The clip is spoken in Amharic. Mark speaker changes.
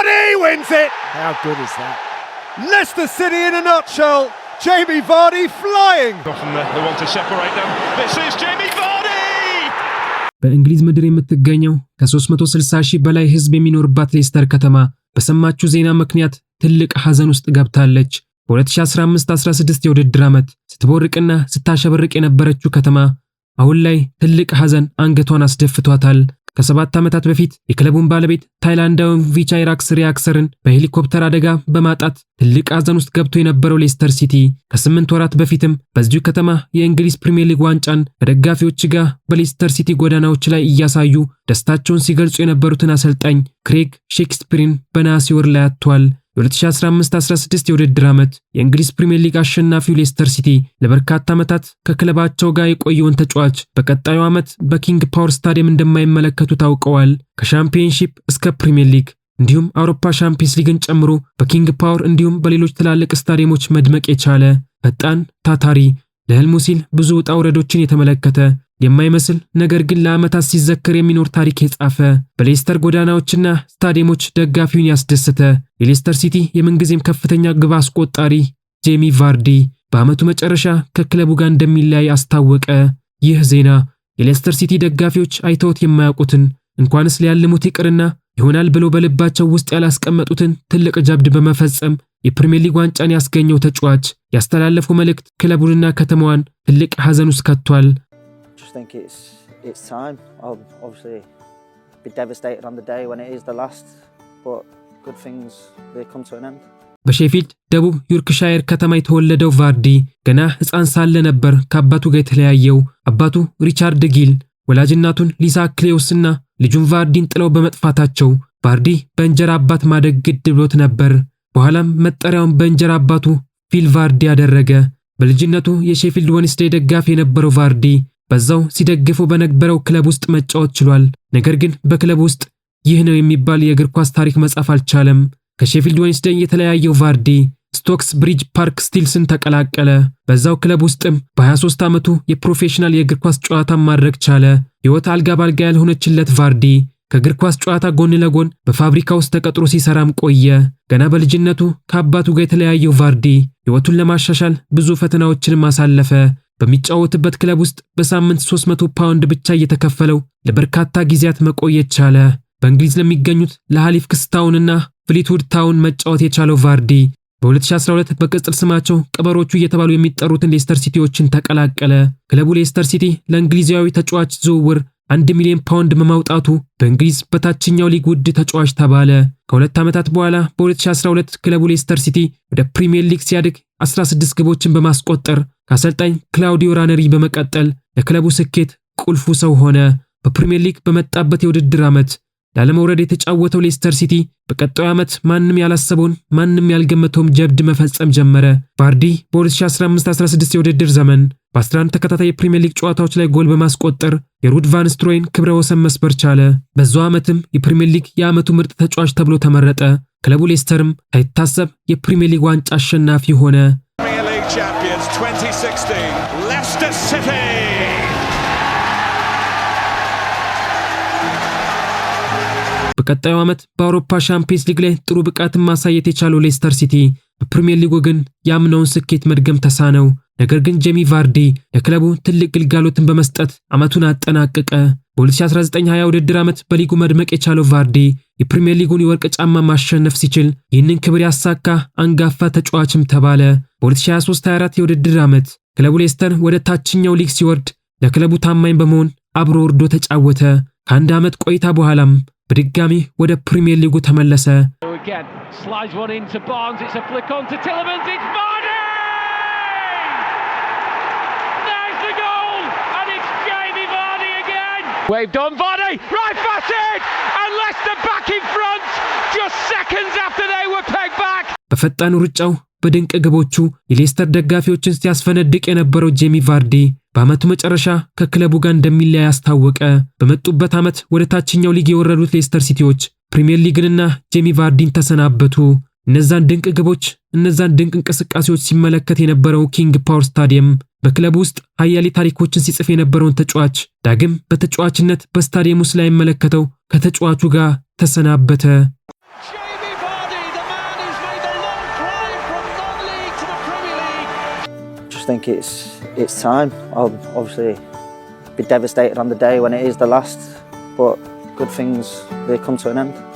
Speaker 1: Vardy wins it.
Speaker 2: How good is that?
Speaker 1: Leicester City in a nutshell. Jamie Vardy flying.
Speaker 3: They want to separate them. This is Jamie Vardy.
Speaker 4: በእንግሊዝ ምድር የምትገኘው ከ360 ሺህ በላይ ሕዝብ የሚኖርባት ሌስተር ከተማ በሰማችው ዜና ምክንያት ትልቅ ሐዘን ውስጥ ገብታለች። በ2015-16 የውድድር ዓመት ስትቦርቅና ስታሸበርቅ የነበረችው ከተማ አሁን ላይ ትልቅ ሐዘን አንገቷን አስደፍቷታል። ከሰባት ዓመታት በፊት የክለቡን ባለቤት ታይላንዳዊን ቪቻይ ራክስ ሪያክሰርን በሄሊኮፕተር አደጋ በማጣት ትልቅ ሐዘን ውስጥ ገብቶ የነበረው ሌስተር ሲቲ ከስምንት ወራት በፊትም በዚሁ ከተማ የእንግሊዝ ፕሪምየር ሊግ ዋንጫን ከደጋፊዎች ጋር በሌስተር ሲቲ ጎዳናዎች ላይ እያሳዩ ደስታቸውን ሲገልጹ የነበሩትን አሰልጣኝ ክሬግ ሼክስፒርን በነሐሴ ወር ላይ አጥቷል። 2015 16 የውድድር ዓመት የእንግሊዝ ፕሪምየር ሊግ አሸናፊው ሌስተር ሲቲ ለበርካታ ዓመታት ከክለባቸው ጋር የቆየውን ተጫዋች በቀጣዩ ዓመት በኪንግ ፓወር ስታዲየም እንደማይመለከቱ ታውቀዋል። ከሻምፒየንሺፕ እስከ ፕሪምየር ሊግ እንዲሁም አውሮፓ ሻምፒየንስ ሊግን ጨምሮ በኪንግ ፓወር እንዲሁም በሌሎች ትላልቅ ስታዲየሞች መድመቅ የቻለ ፈጣን፣ ታታሪ፣ ለህልሙ ሲል ብዙ ውጣ ውረዶችን የተመለከተ የማይመስል ነገር ግን ለዓመታት ሲዘከር የሚኖር ታሪክ የጻፈ በሌስተር ጎዳናዎችና ስታዲየሞች ደጋፊውን ያስደሰተ የሌስተር ሲቲ የምንጊዜም ከፍተኛ ግብ አስቆጣሪ ጄሚ ቫርዲ በዓመቱ መጨረሻ ከክለቡ ጋር እንደሚለያይ አስታወቀ። ይህ ዜና የሌስተር ሲቲ ደጋፊዎች አይተውት የማያውቁትን እንኳንስ ሊያልሙት ይቅርና ይሆናል ብሎ በልባቸው ውስጥ ያላስቀመጡትን ትልቅ ጀብድ በመፈጸም የፕሪምየር ሊግ ዋንጫን ያስገኘው ተጫዋች ያስተላለፈው መልእክት ክለቡንና ከተማዋን ትልቅ ሐዘን ውስጥ ከቷል።
Speaker 5: just think it's it's time. I'll obviously be devastated on the day when it is the last, but good things they come to an end.
Speaker 4: በሼፊልድ ደቡብ ዩርክሻየር ከተማ የተወለደው ቫርዲ ገና ሕፃን ሳለ ነበር ከአባቱ ጋር የተለያየው። አባቱ ሪቻርድ ጊል ወላጅናቱን እናቱን ሊሳ ክሌውስና ልጁን ቫርዲን ጥለው በመጥፋታቸው ቫርዲ በእንጀራ አባት ማደግ ግድ ብሎት ነበር። በኋላም መጠሪያውን በእንጀራ አባቱ ፊል ቫርዲ ያደረገ። በልጅነቱ የሼፊልድ ወንስዴ ደጋፊ የነበረው ቫርዲ በዛው ሲደግፉ በነበረው ክለብ ውስጥ መጫወት ችሏል። ነገር ግን በክለብ ውስጥ ይህ ነው የሚባል የእግር ኳስ ታሪክ መጻፍ አልቻለም። ከሼፊልድ ዌንስደይ የተለያየው ቫርዲ ስቶክስ ብሪጅ ፓርክ ስቲልስን ተቀላቀለ። በዛው ክለብ ውስጥም በ23 ዓመቱ የፕሮፌሽናል የእግር ኳስ ጨዋታን ማድረግ ቻለ። ሕይወት አልጋ ባልጋ ያልሆነችለት ቫርዲ ከእግር ኳስ ጨዋታ ጎን ለጎን በፋብሪካ ውስጥ ተቀጥሮ ሲሰራም ቆየ። ገና በልጅነቱ ከአባቱ ጋር የተለያየው ቫርዲ ሕይወቱን ለማሻሻል ብዙ ፈተናዎችን ማሳለፈ። በሚጫወትበት ክለብ ውስጥ በሳምንት 300 ፓውንድ ብቻ እየተከፈለው ለበርካታ ጊዜያት መቆየት ቻለ። በእንግሊዝ ለሚገኙት ለሃሊፍ ክስታውንና ፍሊትውድ ታውን መጫወት የቻለው ቫርዲ በ2012 በቅጽል ስማቸው ቀበሮቹ እየተባሉ የሚጠሩትን ሌስተር ሲቲዎችን ተቀላቀለ። ክለቡ ሌስተር ሲቲ ለእንግሊዛዊ ተጫዋች ዝውውር አንድ ሚሊዮን ፓውንድ በማውጣቱ በእንግሊዝ በታችኛው ሊግ ውድ ተጫዋች ተባለ። ከሁለት ዓመታት በኋላ በ2012 ክለቡ ሌስተር ሲቲ ወደ ፕሪምየር ሊግ ሲያድግ 16 ግቦችን በማስቆጠር ከአሰልጣኝ ክላውዲዮ ራነሪ በመቀጠል ለክለቡ ስኬት ቁልፉ ሰው ሆነ። በፕሪምየር ሊግ በመጣበት የውድድር ዓመት ላለመውረድ የተጫወተው ሌስተር ሲቲ በቀጣዩ ዓመት ማንም ያላሰበውን ማንም ያልገመተውም ጀብድ መፈጸም ጀመረ። ቫርዲ በ2015/16 የውድድር ዘመን በ11 ተከታታይ የፕሪምየር ሊግ ጨዋታዎች ላይ ጎል በማስቆጠር የሩድ ቫን ስትሮይን ክብረ ወሰን መስበር ቻለ። በዛው ዓመትም የፕሪምየር ሊግ የዓመቱ ምርጥ ተጫዋች ተብሎ ተመረጠ። ክለቡ ሌስተርም ሳይታሰብ የፕሪምየር ሊግ ዋንጫ አሸናፊ ሆነ። በቀጣዩ ዓመት በአውሮፓ ሻምፒየንስ ሊግ ላይ ጥሩ ብቃትን ማሳየት የቻለው ሌስተር ሲቲ በፕሪምየር ሊጉ ግን ያምነውን ስኬት መድገም ተሳነው። ነገር ግን ጄሚ ቫርዲ ለክለቡ ትልቅ ግልጋሎትን በመስጠት ዓመቱን አጠናቀቀ። በ2019/20 ውድድር ዓመት በሊጉ መድመቅ የቻለው ቫርዲ የፕሪምየር ሊጉን የወርቅ ጫማ ማሸነፍ ሲችል ይህንን ክብር ያሳካ አንጋፋ ተጫዋችም ተባለ። በ2023/24 የውድድር ዓመት ክለቡ ሌስተር ወደ ታችኛው ሊግ ሲወርድ ለክለቡ ታማኝ በመሆን አብሮ ወርዶ ተጫወተ። ከአንድ ዓመት ቆይታ በኋላም በድጋሚ ወደ ፕሪምየር ሊጉ ተመለሰ። በፈጣኑ ሩጫው በድንቅ ግቦቹ የሌስተር ደጋፊዎችን ሲያስፈነድቅ የነበረው ጄሚ ቫርዲ በዓመቱ መጨረሻ ከክለቡ ጋር እንደሚለያይ አስታወቀ። በመጡበት ዓመት ወደ ታችኛው ሊግ የወረዱት ሌስተር ሲቲዎች ፕሪምየር ሊግንና ጄሚ ቫርዲን ተሰናበቱ። እነዛን ድንቅ ግቦች፣ እነዛን ድንቅ እንቅስቃሴዎች ሲመለከት የነበረው ኪንግ ፓወር ስታዲየም በክለቡ ውስጥ አያሌ ታሪኮችን ሲጽፍ የነበረውን ተጫዋች ዳግም በተጫዋችነት በስታዲየም ውስጥ ላይ ከተጫዋቹ ጋር ተሰናበተ።
Speaker 5: think it's it's time. I'll obviously be devastated on the day when it is the last, but good things they come to an end.